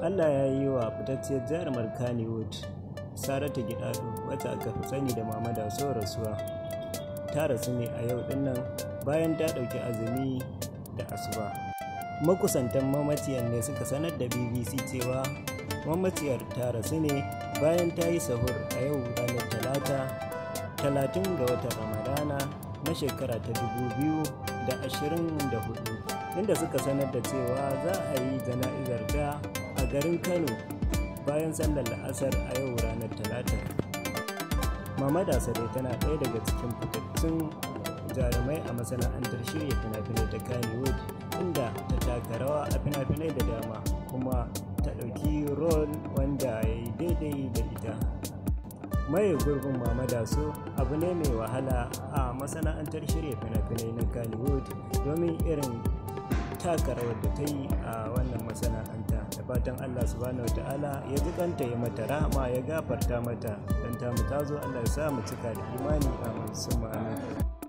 Allah ya yi wa fitacciyar jarumar Wood. Saratu Gidado wacce aka fi sani da Mama da so rasuwa ta rasu ne a yau dinnan bayan ta ɗauki azumi da asuba. Makusantan mamaciyar ne suka sanar da BBC cewa mamaciyar ta rasu ne bayan ta yi sahur a yau ranar talata talatin ga watan Ramadana na shekara ta dubu biyu da ashirin hudu inda suka sanar da cewa za a yi jana'izar ta garin Kano bayan sallar la'asar a yau ranar Talata. Mama Dasare tana ɗaya daga cikin fitattun jarumai a masana'antar shirya fina-finai ta Kannywood inda ta taka rawa a fina-finai da dama kuma ta ɗauki rol wanda ya yi daidai da ita. maye gurbin mama daso abu ne mai wahala a masana'antar shirya fina-finai na Kannywood domin irin taka rawar da ta yi a wannan masana'anta fatan Allah subhanahu ta'ala ya ji kanta ya mata rahama ya gafarta mata don ta mu tazo Allah ya sa mu cika da imani amin sun